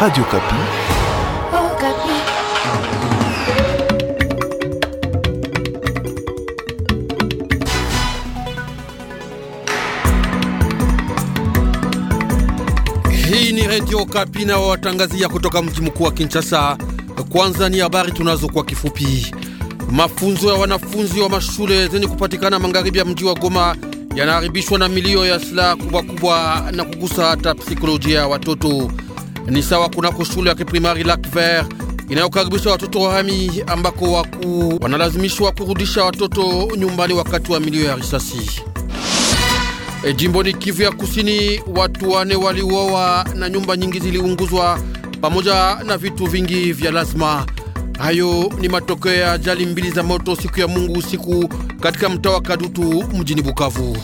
Radio Kapi. Oh, Kapi. Hii ni Radio Kapi na watangazia kutoka mji mkuu wa Kinshasa. Kwanza ni habari tunazo kwa kifupi. Mafunzo ya wanafunzi wa mashule zenye kupatikana magharibi ya mji wa Goma yanaharibishwa na milio ya silaha kubwa kubwa na kugusa hata psikolojia ya watoto. Ni sawa kunako shule ya kiprimari Lakver inayokaribisha watoto wahami ambako wakuu wanalazimishwa kurudisha watoto nyumbani wakati wa milio ya risasi. E, jimboni Kivu ya Kusini, watu wane waliuawa na nyumba nyingi ziliunguzwa pamoja na vitu vingi vya lazima. Hayo ni matokeo ya ajali mbili za moto siku ya Mungu usiku katika mtaa wa Kadutu mjini Bukavu.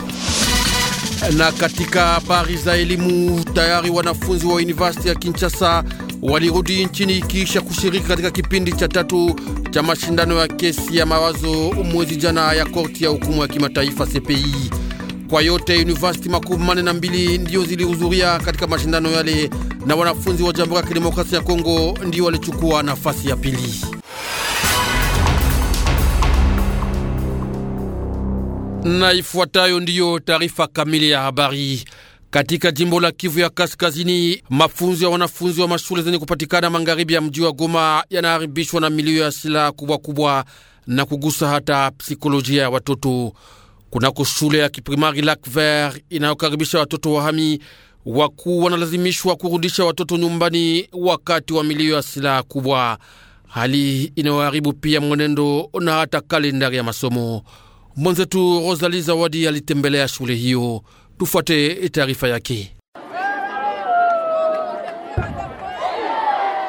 Na katika habari za elimu, tayari wanafunzi wa University ya Kinshasa walirudi nchini ikiisha kushiriki katika kipindi cha tatu cha mashindano ya kesi ya mawazo mwezi jana ya korti ya hukumu ya kimataifa CPI. Kwa yote university makumi mane na mbili ndiyo zilihudhuria katika mashindano yale, na wanafunzi wa Jamhuri ya Kidemokrasia ya Kongo ndio walichukua nafasi ya pili. na ifuatayo ndiyo taarifa kamili ya habari. Katika jimbo la Kivu ya Kaskazini, mafunzo ya wanafunzi wa mashule zenye kupatikana magharibi ya mji wa Goma yanaharibishwa na milio ya silaha kubwa kubwa na kugusa hata psikolojia ya watoto. Kunako shule ya kiprimari Lac Vert inayokaribisha watoto wahami, wakuu wanalazimishwa kurudisha watoto nyumbani wakati wa milio ya silaha kubwa, hali inayoharibu pia mwenendo na hata kalendari ya masomo. Mwenzetu Rosali Zawadi alitembelea shule hiyo. Tufuate taarifa yake.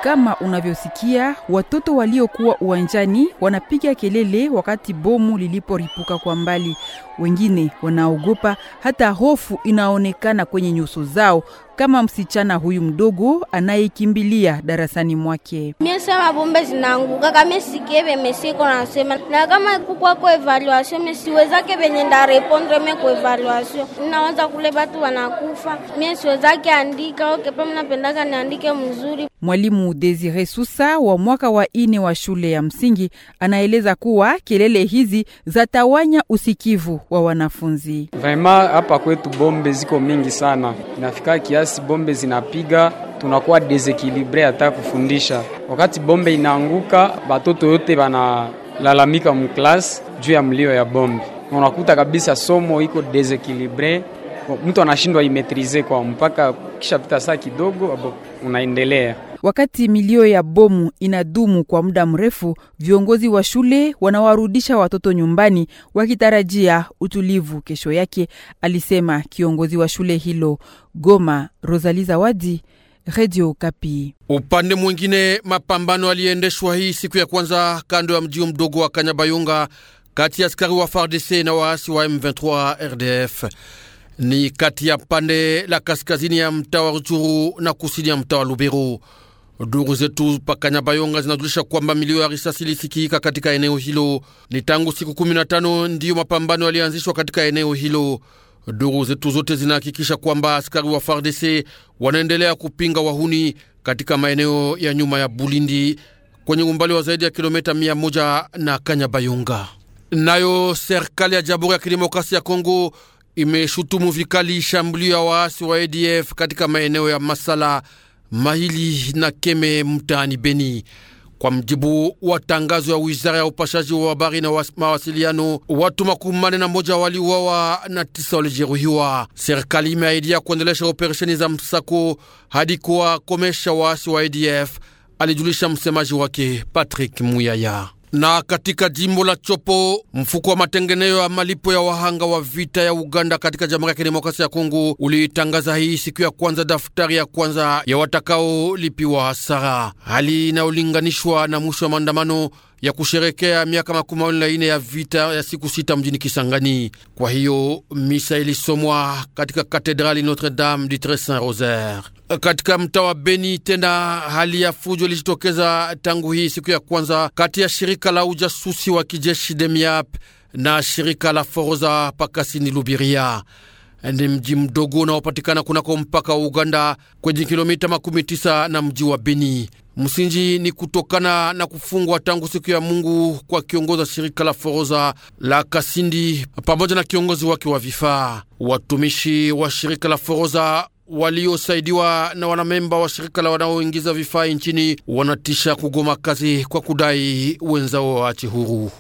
Kama unavyosikia watoto waliokuwa uwanjani wanapiga kelele wakati bomu liliporipuka kwa mbali. Wengine wanaogopa, hata hofu inaonekana kwenye nyuso zao kama msichana huyu mdogo anayekimbilia darasani mwake. Miesema bombe zinaanguka kama sikeve mesiko nasema na kama kwa evaluation mesiwezake venye ndarepondre kwa evaluation nawaza kule batu wanakufa miesiwezake andika okepa mnapendaka niandike mzuri. Mwalimu Desire Susa wa mwaka wa ine wa shule ya msingi anaeleza kuwa kelele hizi zatawanya usikivu wa wanafunzi. Vraiment hapa kwetu bombe ziko mingi sana inafika kiasi gisi bombe zinapiga tunakuwa desekilibre hata kufundisha. Wakati bombe inaanguka, batoto yote banalalamika mklasi juu ya mlio ya bombe, unakuta kabisa somo iko desekilibre, mtu anashindwa imetrize kwa mpaka kishapita saa kidogo abo unaendelea Wakati milio ya bomu inadumu kwa muda mrefu, viongozi wa shule wanawarudisha watoto nyumbani wakitarajia utulivu kesho yake, alisema kiongozi wa shule hilo. Goma, rosali Zawadi, Radio Kapi. Upande mwingine, mapambano aliendeshwa hii siku ya kwanza kando ya mji mdogo wa Kanyabayonga kati ya askari wa FARDC na waasi wa M23 RDF ni kati ya pande la kaskazini ya mtaa wa Ruchuru na kusini ya mtaa wa Lubero. Duru zetu pakanya bayonga zinajulisha kwamba milio ya risasi ilisikika katika eneo hilo. Ni tangu siku 15 ndiyo mapambano yalianzishwa katika eneo hilo. Duru zetu zote zinahakikisha kwamba askari wa FARDC wanaendelea kupinga wahuni katika maeneo ya nyuma ya Bulindi kwenye umbali wa zaidi ya kilomita mia moja na Kanyabayonga. Nayo serikali ya Jamhuri ya Kidemokrasia ya Kongo imeshutumu vikali shambulio ya waasi wa ADF katika maeneo ya Masala mahili na keme mtaani Beni. Kwa mjibu wa tangazo ya wizara ya upashaji wa habari na mawasiliano, watu makumi manne na moja waliuawa na tisa walijeruhiwa. Serikali imeahidia kuendelesha operesheni za msako hadi kuwakomesha waasi wa ADF, alijulisha msemaji wake Patrick Muyaya. Na katika jimbo la Chopo, mfuko wa matengenezo ya malipo ya wahanga wa vita ya Uganda katika Jamhuri ya Kidemokrasia ya Kongo ulitangaza hii siku ya kwanza daftari ya kwanza ya watakaolipiwa hasara, hali inayolinganishwa na mwisho wa maandamano ya kusherekea miaka makumi mawili na ine ya vita ya siku sita mjini Kisangani. Kwa hiyo misa ilisomwa katika katedrali Notre Dame du Tres Saint Rosaire katika mtaa wa Beni. Tena hali ya fujo ilijitokeza tangu hii siku ya kwanza kati ya shirika la ujasusi wa kijeshi DEMIAP na shirika la Foroza pakasini Lubiria ni mji mdogo unaopatikana kunako mpaka wa Uganda kwenye kilomita makumi tisa na mji wa Beni. Msingi ni kutokana na kufungwa tangu siku ya Mungu kwa kiongozi wa shirika la Foroza la Kasindi pamoja na kiongozi wake wa vifaa. Watumishi wa shirika la Foroza waliosaidiwa na wanamemba wa shirika la wanaoingiza vifaa nchini wanatisha kugoma kazi kwa kudai wenzao waache huru.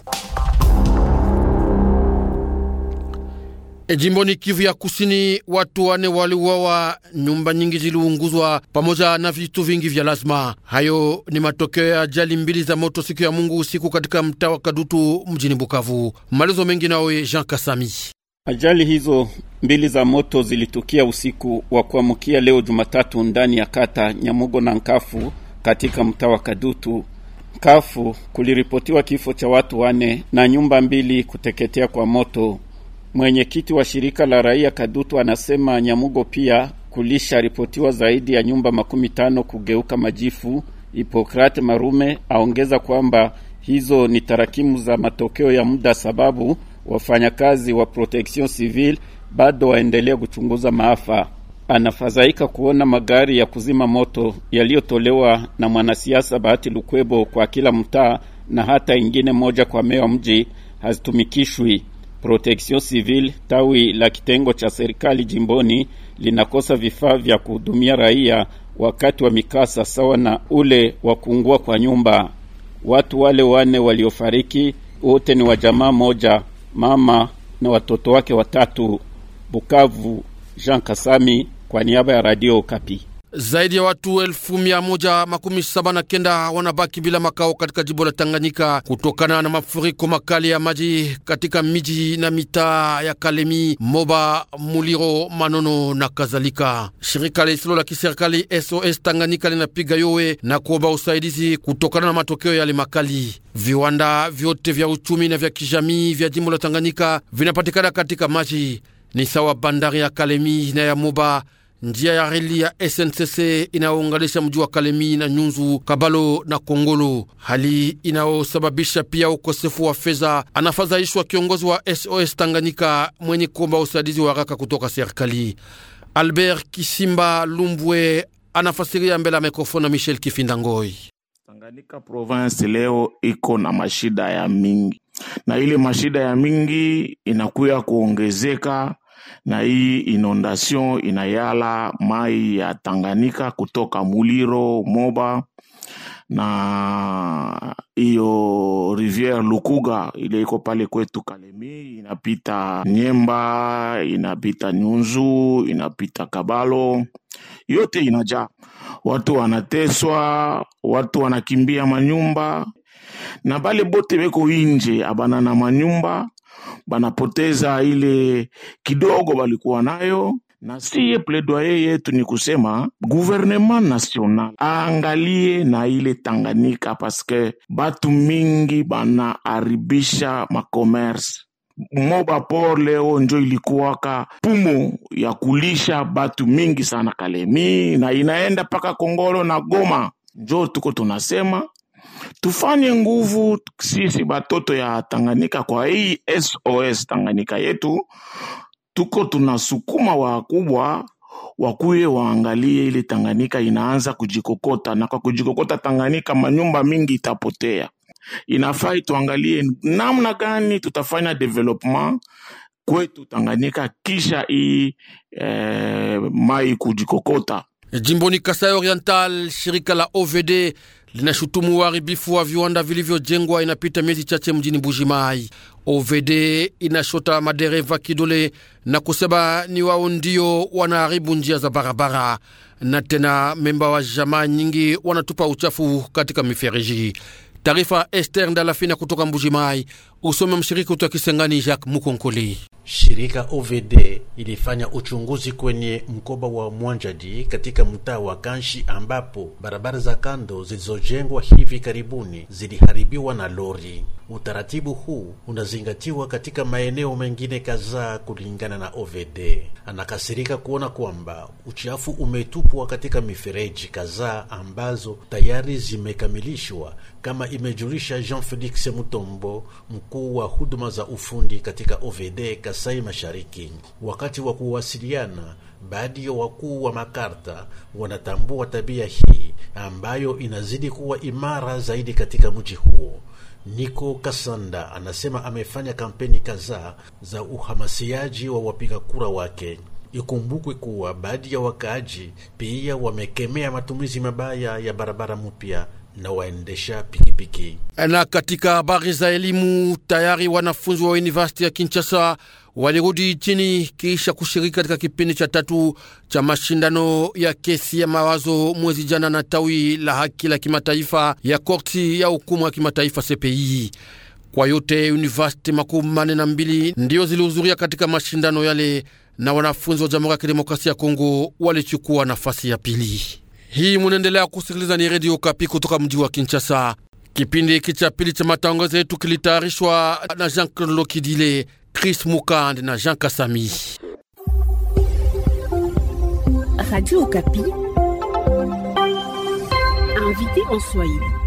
E, ni Kivu ya Kusini, watu wane waliuawa, nyumba nyingi ziliunguzwa pamoja na vitu vingi vya lazima. Hayo ni matokeo ya ajali mbili za moto siku ya Mungu usiku katika mtaa wa Kadutu mjini Bukavu. Malizo mengi nawe Jean Kasami. Ajali hizo mbili za moto zilitukia usiku wa kuamkia leo Jumatatu ndani ya kata Nyamugo na Nkafu katika mtaa wa Kadutu Nkafu. Kuliripotiwa kifo cha watu wane na nyumba mbili kuteketea kwa moto. Mwenyekiti wa shirika la raia Kadutu anasema Nyamugo pia kulisha ripotiwa zaidi ya nyumba makumi tano kugeuka majifu. Hipokrate Marume aongeza kwamba hizo ni tarakimu za matokeo ya muda, sababu wafanyakazi wa protection civil bado waendelea kuchunguza maafa. Anafadhaika kuona magari ya kuzima moto yaliyotolewa na mwanasiasa Bahati Lukwebo kwa kila mtaa na hata ingine moja kwa meya mji hazitumikishwi. Protection Civil tawi la kitengo cha serikali jimboni linakosa vifaa vya kuhudumia raia wakati wa mikasa sawa na ule wa kuungua kwa nyumba. Watu wale wane waliofariki wote ni wa jamaa moja, mama na watoto wake watatu. Bukavu, Jean Kasami kwa niaba ya Radio Kapi. Zaidi ya watu elfu mia moja makumi saba na kenda wanabaki bila makao katika jimbo la Tanganyika kutokana na mafuriko makali ya maji katika miji na mitaa ya Kalemi, Moba, Muliro, Manono na kadhalika. Shirika lisilo la kiserikali SOS Tanganyika linapiga yowe na kuomba usaidizi kutokana na matokeo yale makali. Viwanda vyote vya uchumi na vya kijamii vya jimbo la Tanganyika vinapatikana katika maji, ni sawa bandari ya Kalemi na ya Moba Njia ya reli ya SNCC inayounganisha mji wa Kalemi na Nyunzu, Kabalo na Kongolo, hali inayosababisha pia ukosefu wa fedha, anafadhaishwa kiongozi wa SOS Tanganyika mwenye kuomba usaidizi wa haraka kutoka serikali. Albert Kisimba Lumbwe anafasiria mbele ya mikrofoni na Michel Kifindangoi. Tanganyika province leo iko na mashida ya mingi, na ile mashida ya mingi inakuya kuongezeka na hii inondation inayala mai ya tanganika kutoka Muliro, Moba na hiyo riviere Lukuga ile iko pale kwetu Kalemi, inapita Nyemba, inapita Nyunzu, inapita Kabalo, yote inajaa. Watu wanateswa, watu wanakimbia manyumba na bale bote beko inje abana na manyumba banapoteza ile kidogo balikuwa nayo na siye pledoye yetu ni kusema gouvernement national aangalie na ile Tanganyika, paske batu mingi banaharibisha makomerse. Moba por leo njo ilikuwaka pumo ya kulisha batu mingi sana Kalemi, na inaenda mpaka Kongolo na Goma. Njo tuko tunasema tufanye nguvu sisi batoto ya Tanganyika kwa hii SOS Tanganyika yetu, tuko tunasukuma wakubwa wakuye waangalie ile Tanganyika inaanza kujikokota, na kwa kujikokota Tanganyika manyumba mingi itapotea. Inafai tuangalie namna gani tutafanya development kwetu Tanganyika kisha hii eh, mai kujikokota. Jimboni Kasai Oriental, shirika la OVD linashutumu uharibifu wa viwanda vilivyojengwa inapita miezi chache mjini Bujimai. OVD inashota madereva kidole na kusema ni wao ndio wanaharibu njia za barabara, na tena memba wa jamaa nyingi wanatupa uchafu katika mifereji. Taarifa Ester Ndalafina kutoka mbujimai usome mshiriki kutoka wa Kisangani Jacques Mukonkoli. Shirika OVD ilifanya uchunguzi kwenye mkoba wa Mwanjadi katika mtaa wa Kanshi ambapo barabara za kando zilizojengwa hivi karibuni ziliharibiwa na lori. Utaratibu huu unazingatiwa katika maeneo mengine kadhaa kulingana na OVD. Anakasirika kuona kwamba uchafu umetupwa katika mifereji kadhaa ambazo tayari zimekamilishwa kama imejulisha Jean Felix Mutombo, mkuu wa huduma za ufundi katika OVD Kasai Mashariki. Wakati wa kuwasiliana, baadhi ya wakuu wa makarta wanatambua tabia hii ambayo inazidi kuwa imara zaidi katika mji huo. Niko Kasanda anasema amefanya kampeni kadhaa za uhamasiaji wa wapiga kura wake. Ikumbukwe kuwa baadhi ya wakaaji pia wamekemea matumizi mabaya ya barabara mpya na waendesha pikipiki. Na katika habari za elimu, tayari wanafunzi wa University ya Kinshasa walirudi chini kisha kushiriki katika kipindi cha tatu cha mashindano ya kesi ya mawazo mwezi jana na tawi la haki la kimataifa ya korti ya hukumu ya kimataifa CPI. Kwa yote university makumi manne na mbili ndiyo zilihudhuria katika mashindano yale, na wanafunzi wa Jamhuri ya Kidemokrasia ya Kongo walichukua nafasi ya pili. Hii munaendelea kusikiliza ni redio Kapi kutoka mji wa Kinshasa. Kipindi hiki cha pili cha matangazo yetu kilitayarishwa na Jean Claude Lokidile, Chris Mukande na Jean Kasami. Radio Kapi invité en Swahili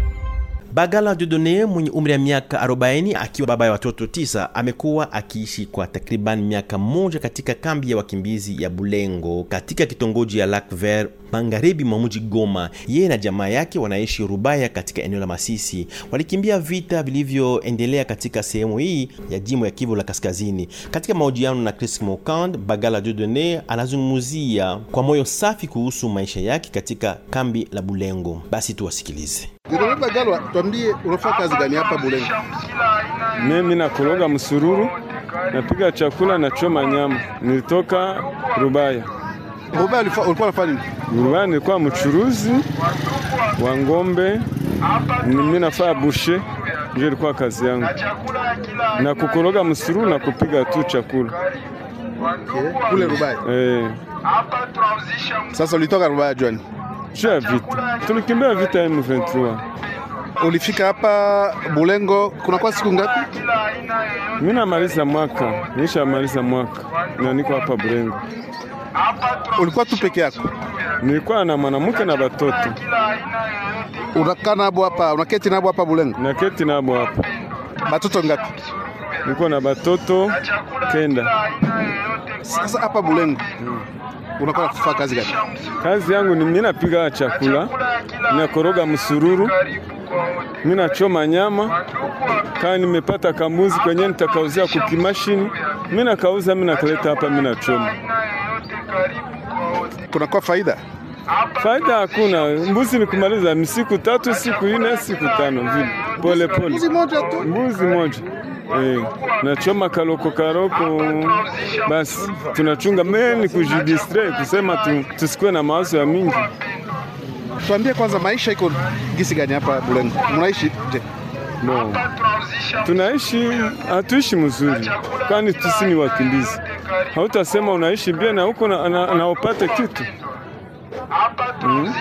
Bagala Dudone mwenye umri wa miaka 40 akiwa baba ya watoto tisa amekuwa akiishi kwa takriban miaka moja katika kambi ya wakimbizi ya Bulengo katika kitongoji ya Lac Vert magharibi mwa mji Goma. Yeye na jamaa yake wanaishi Rubaya katika eneo la Masisi. Walikimbia vita vilivyoendelea katika sehemu hii ya jimbo ya Kivu la Kaskazini. Katika mahojiano na Chris Mokand, Bagala Dudone anazungumzia kwa moyo safi kuhusu maisha yake katika kambi la Bulengo. Basi tuwasikilize. Nikoleta Galwa, tuambie unafanya kazi gani hapa Bulenga? Mimi nakologa msururu, napiga chakula na choma nyama. Nilitoka Rubaya. Rubaya ulikuwa unafanya nini? Rubaya nilikuwa mchuruzi wa ng'ombe. Mimi nafaa bushe, ndio ilikuwa kazi yangu, na kukologa msururu na kupiga tu chakula kule Rubaya. Eh. Sasa ulitoka Rubaya Joani? Tulikimbia vita, tulikimbia vita M23. Ulifika hapa Bulengo kwa siku ngapi? Mimi namaliza mwaka, nishamaliza mwaka na niko hapa Bulengo. Ulikuwa tu peke yako? Nilikuwa na mwanamke na batoto. Unakaa nabo hapa, unaketi nabo hapa Bulengo? Naketi nabo hapa. Batoto ngapi? Niko na batoto kenda. Sasa hapa Bulengo hmm unakuwa kufa kazi gani? Kazi yangu ni napiga chakula, nakoroga msururu, minachoma nyama. Kama nimepata kambuzi kwenye nitakauzia kukimashini, minakauza, minakaleta hapa, minachoma. Kunakuwa faida faida hakuna. Mbuzi ni kumaliza siku tatu, siku nne, siku tano vile, pole pole, mbuzi moja tu, mbuzi moja. Eh, nachoma karoko kaloko basi tunachunga meni kujidistre, kusema tu, tusikuwe na mawazo ya mingi. Tuambie kwanza, maisha iko gisi gani hapa Bulengo, mnaishi je? No. Tunaishi, hatuishi mzuri, kwani tusini ni wakimbizi. Hautasema unaishi bien na huko naopate kitu hmm.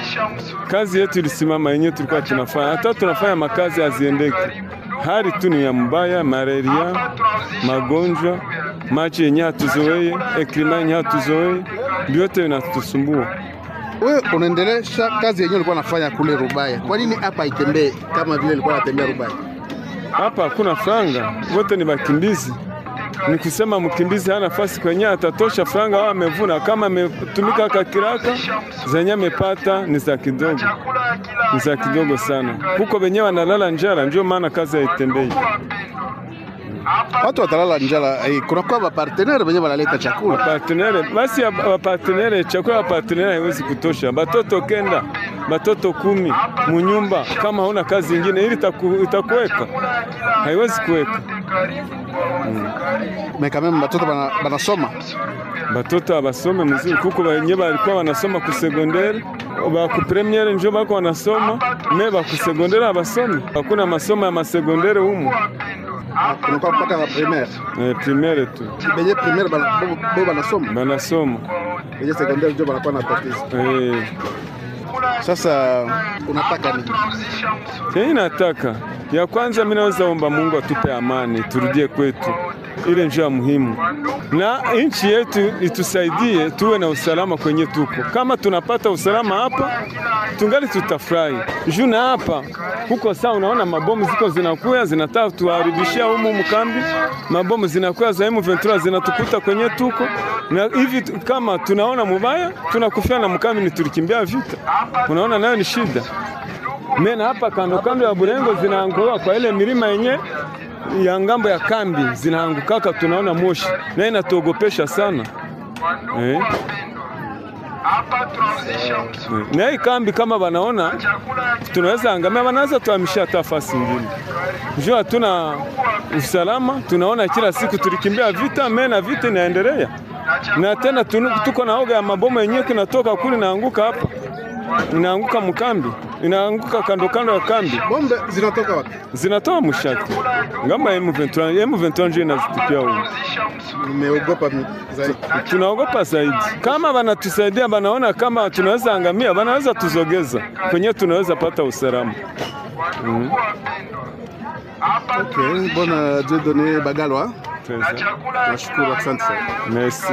Kazi yetu ilisimama yenyewe tulikuwa tunafanya, hata tunafanya makazi haziendeki hali tu ni ya mbaya, malaria, magonjwa, maji yenye hatuzoee, eklima yenye hatuzoee, vyote vinatusumbua. Wewe unaendelesha kazi yenyewe ulikuwa nafanya kule Rubaya, kwa nini hapa haitembee kama vile ilikuwa natembea Rubaya? Hapa hakuna franga, wote ni wakimbizi ni kusema mkimbizi hana nafasi kwenye atatosha franga wao amevuna, kama ametumika kakiraka zenye amepata ni za kidogo, ni za kidogo sana. Huko wenyewe wanalala njala, ndio maana kazi haitembei watu watalala njala. eh, kuna Hey, kunakuwa wapartenere wenye wanaleta chakula partenere, basi wapartenere chakula wapartenere haiwezi kutosha. Batoto kenda batoto kumi munyumba, kama hauna kazi ingine ili itakuweka, haiwezi kuweka. Mm. me quand banasoma batoto abasome muzuri kuko benye balikuwa banasoma ku segondere baku premiere njo bako wanasoma me baku segondere abasome hakuna masomo ya masegondere humo kunakuwa mpaka ba primaire eh, primaire tu benye primaire bo banasoma banasoma benye sekondere njo banakuwa na tatizo eh. Sasa unataka nini? Mimi nataka ya kwanza, mimi naweza omba Mungu atupe amani, turudie kwetu ile njia muhimu, na nchi yetu itusaidie tuwe na usalama kwenye tuko. Kama tunapata usalama hapa, tungali tutafurahi. juu, na hapa huko saa, unaona mabomu ziko zinakuya zinataka tuharibishia humu mkambi, mabomu zinakuya za M23 zinatukuta kwenye tuko, na hivi kama tunaona mubaya tunakufia na mkambi, ni tulikimbia vita, unaona nayo ni shida. Mena hapa kando kando ya Burengo zinaangua kwa ile milima yenye ya ngambo ya kambi zinaangukaka, tunaona moshi na inatuogopesha sana eh. eh na hii kambi kama wanaona tunaweza angamia, wanaweza tuhamisha hata fasi ingine. Njoo hatuna usalama, tunaona kila siku tulikimbia vita mena, vita inaendelea na tena tuko na oga ya mabomu yenyewe kinatoka kule naanguka hapa inaanguka mkambi, inaanguka kando kando ya kambi. Bombe zinatoka wapi? Zinatoa mshati ngama M23, M23 ndio inazitupia huko. Nimeogopa zaidi, tunaogopa zaidi. Kama wanatusaidia, wanaona kama tunaweza angamia, wanaweza tuzogeza kwenye tunaweza pata usalama mm. Okay, bona Jedone Bagalwa, nashukuru, asante sana, merci.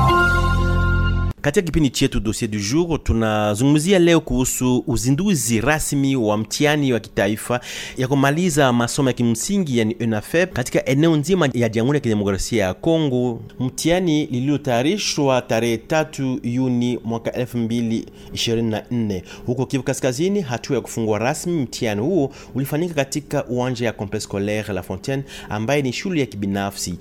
Katika kipindi chetu Dosie du Jour tunazungumzia leo kuhusu uzinduzi rasmi wa mtihani wa kitaifa ya kumaliza masomo ya kimsingi yani unafep katika eneo nzima ya Jamhuri ya Kidemokrasia ya Kongo, mtihani lililotayarishwa tarehe 3 Juni mwaka 2024 huko Kivu Kaskazini. Hatua ya kufungua rasmi mtihani huo ulifanyika katika uwanja ya Complexe Scolaire La Fontaine ambaye ni shule ya kibinafsi.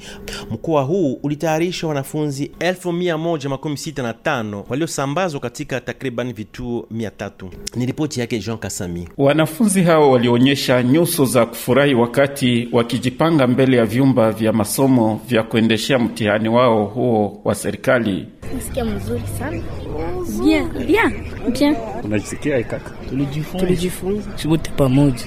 Mkoa huu ulitayarisha wanafunzi 1165 tano waliosambazwa katika takriban vituo mia tatu. Ni ripoti yake Jean Kasami. Wanafunzi hao walionyesha nyuso za kufurahi wakati wakijipanga mbele ya vyumba vya masomo vya kuendeshea mtihani wao huo wa serikali. Nisikia mzuri sana Bien, bien, bien. Unajisikia kaka? Tulijifunza. Tulijifunza. Wote pamoja.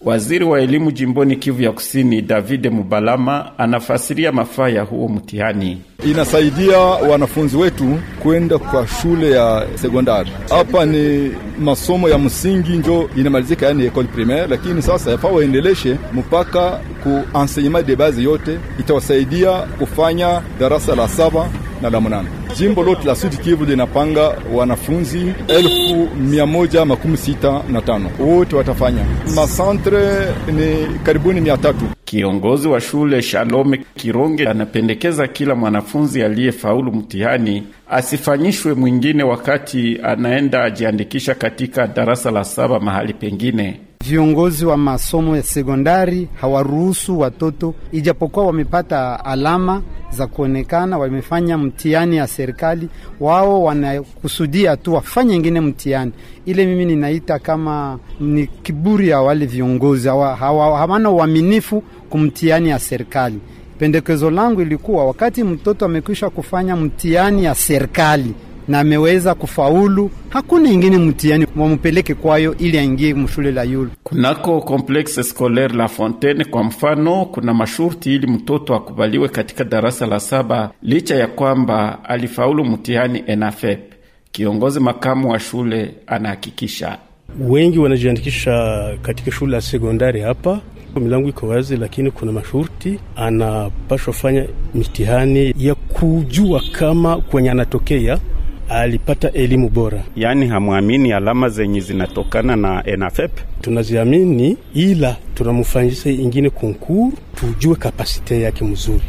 Waziri wa elimu jimboni Kivu ya Kusini, David Mubalama, anafasiria mafaa ya huo mtihani. Inasaidia wanafunzi wetu kwenda kwa shule ya sekondari. Hapa ni masomo ya msingi njo inamalizika, yani ekole primaire, lakini sasa yafaa waendeleshe mpaka ku enseignement de base yote, itawasaidia kufanya darasa la saba na damunane. Jimbo lote la Sud Kivu linapanga wanafunzi elfu mia moja makumi sita na tano wote watafanya masantre ni karibuni mia tatu. Kiongozi wa shule Shalome Kironge anapendekeza kila mwanafunzi aliyefaulu mtihani asifanyishwe mwingine wakati anaenda ajiandikisha katika darasa la saba mahali pengine viongozi wa masomo ya sekondari hawaruhusu watoto, ijapokuwa wamepata alama za kuonekana, wamefanya mtihani ya serikali, wao wanakusudia tu wafanye ingine mtihani ile. Mimi ninaita kama ni kiburi ya wale viongozi, hawana uaminifu kumtihani ya serikali. Pendekezo langu ilikuwa wakati mtoto amekwisha kufanya mtihani ya serikali na ameweza kufaulu, hakuna ingine mtihani wamupeleke kwayo ili aingie mshule la yulu. Kunako Complexe Scolaire La Fontaine kwa mfano, kuna mashurti ili mtoto akubaliwe katika darasa la saba, licha ya kwamba alifaulu mtihani ENAFEP. Kiongozi makamu wa shule anahakikisha wengi wanajiandikisha katika shule ya sekondari hapa milango iko wazi, lakini kuna masharti. Anapashwa fanya mitihani ya kujua kama kwenye anatokea alipata elimu bora. Yaani hamwamini alama zenye zinatokana na ENAFEP? Tunaziamini, ila tunamufanyisa ingine konkur tujue kapasite yake mzuri.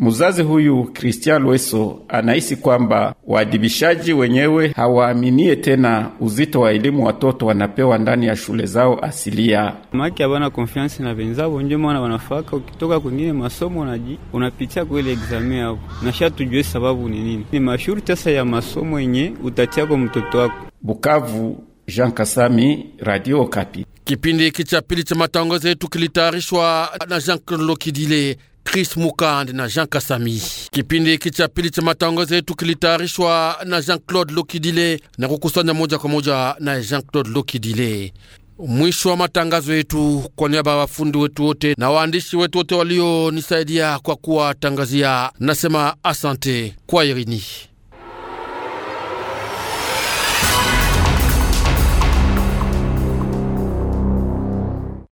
Mzazi huyu Christian Lweso anahisi kwamba waadibishaji wenyewe hawaaminie tena uzito wa elimu watoto wanapewa ndani ya shule zao asilia. Maki abana konfiansi na wenzao njo maana wanafaka, ukitoka kwingine masomo naji unapitia kwele egzame yao, nasha tujue sababu ni nini, ni mashuri tasa ya masomo yenye utatia kwa mtoto wako. Bukavu, Jean Kasami, Radio Kapi. Kipindi hiki cha pili cha matangazo yetu kilitayarishwa na Jean Claude Lokidile. Chris mukand na Jean Kasami. Kipindi hiki cha pili cha matangazo yetu kilitayarishwa na Jean-Claude Lokidile na kukusanya moja kwa moja na Jean-Claude Lokidile. Mwisho wa matangazo yetu, kwa niaba ya wafundi wetu wote na waandishi wetu wote walionisaidia kwa kuwatangazia, nasema asante kwa irini.